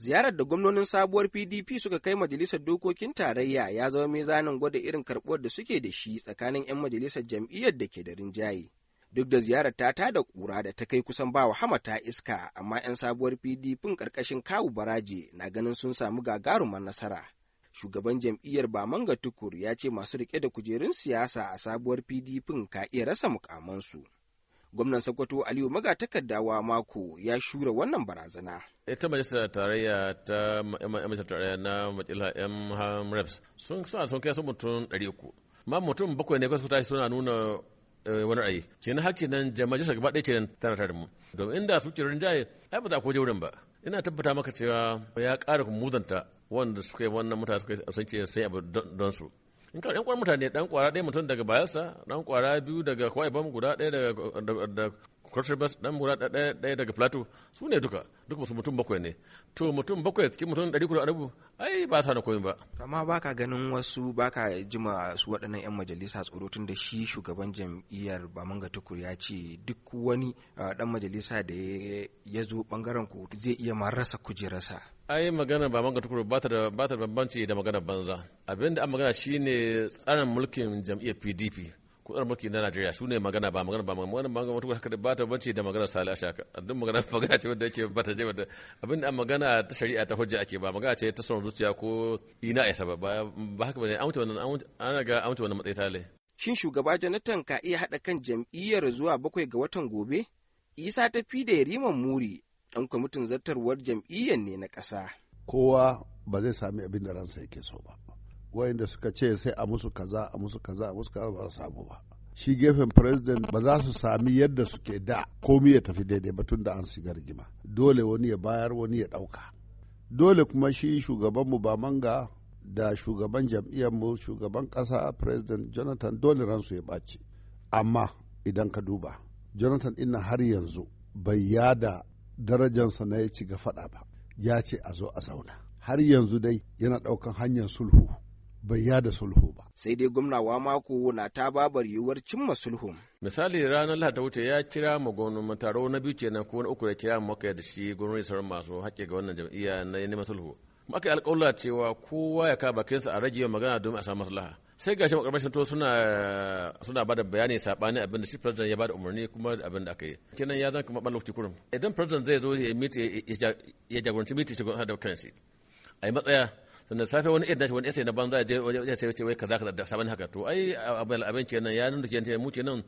ziyarar da gwamnonin sabuwar pdp suka kai majalisar dokokin tarayya ya zama mizanin gwada irin karɓuwar da suke da shi tsakanin 'yan majalisar jam'iyyar da ke da rinjaye duk da ziyarar ta ta da kura da ta kai kusan ba hama ta iska amma 'yan sabuwar pdp karkashin kawu baraje na ganin sun samu gagarumar nasara shugaban jam'iyyar bamanga tukur ya ce masu riƙe da kujerun siyasa a sabuwar pdp ka iya rasa mukamansu. gwamnan sokoto aliyu takardawa mako ya shura wannan barazana ita majalisar tarayya ta majalisar tarayya na majalisa yan reps sun sa sun kai mutum ɗari uku. ma mutum bakwai ne kwasu tashi suna nuna eh, wani ra'ayi na hakki nan majalisar gaba ɗaya nan tana tare mu domin inda su kirin jaye ai ba za ku je wurin ba ina tabbata maka cewa ya ƙara muzanta wanda suka yi wannan mutane suka sun ce sai abu don su in kawai 'yan kwar mutane ɗan kwara ɗaya mutum daga bayelsa dan kwara biyu daga kwaibam guda ɗaya daga bas dan mura ɗaya daga Plateau su ne duka duka su mutum bakwai ne to mutum bakwai cikin mutum ɗari kudu arabu ai ba sa na koyin ba. amma baka ganin wasu baka jima su waɗannan 'yan majalisa tsoro tun da shi shugaban jam'iyyar Bamanga Tukur ya ce duk wani dan majalisa da ya zo bangaren ku zai iya ma rasa kujerarsa. ai magana ba manga tukuru ba ta da bambanci da magana banza abinda an magana shine tsarin mulkin jam'iyyar pdp kudar mulki na Najeriya su ne magana ba magana ba magana ba magana ba ba ta bace da magana Sale Ashaka duk magana magana ce wanda yake ba ta je da abin da magana ta shari'a ta hujja ake ba magana ce ta son zuciya ko ina isa saba ba haka bane an wannan ana ga amta wannan matsayi Sale shin shugaba Jonathan ka iya hada kan jam'iyyar zuwa bakwai ga watan gobe Isa ta fi da Riman Muri dan kwamitin zartarwar jam'iyyar ne na ƙasa kowa ba zai sami abin da ransa yake so ba wayanda suka ce sai a musu kaza a musu kaza a musu kaza ba su samu ba shi gefen president ba za su sami yadda suke da komi ya tafi daidai ba tun da an shiga rigima dole wani ya bayar wani ya ɗauka dole kuma shi shugabanmu ba manga da shugaban mu shugaban ƙasa president jonathan dole ransu ya ɓaci amma idan ka duba jonathan ina har yanzu bai yada darajansa na ya ci ga faɗa ba ya ce a zo a zauna har yanzu dai yana ɗaukan hanyar sulhu bai yada sulhu ba. Sai dai gwamnawa mako na ta babar yiwuwar cimma sulhu. Misali ranar Lahadi wuce ya kira magonu taro na biyu kenan ko na uku da kira maka da shi gwamnati sauran masu haƙƙi ga wannan jam'iyya na neman sulhu. Maka yi alƙawla cewa kowa ya kama bakinsa a rage magana domin a samu maslaha. Sai gashi makarbashin to suna suna bada bayani sabani abin da shi president ya bada umarni kuma abin da aka yi. Kenan ya zan kuma ɓan lokaci kurum. Idan president zai zo ya jagoranci miti shi gwamnati da kansa. A yi matsaya sannan safe wani irin nashi wani essay na banza je ya sai ce wai kaza kaza da saban haka to ai abin abin kenan ya nuna kenan mu kenan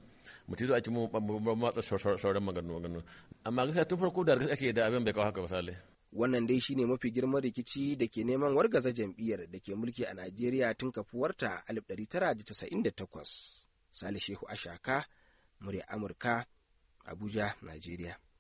mu tizo ci mu matsa sauran maganganu maganganu amma gaskiya tun farko da ake da abin bai kawo haka misali wannan dai shine mafi girman rikici da ke neman wargaza jam'iyyar da ke mulki a Najeriya tun kafuwarta 1998 Salihu Shehu Ashaka murya Amurka Abuja Najeriya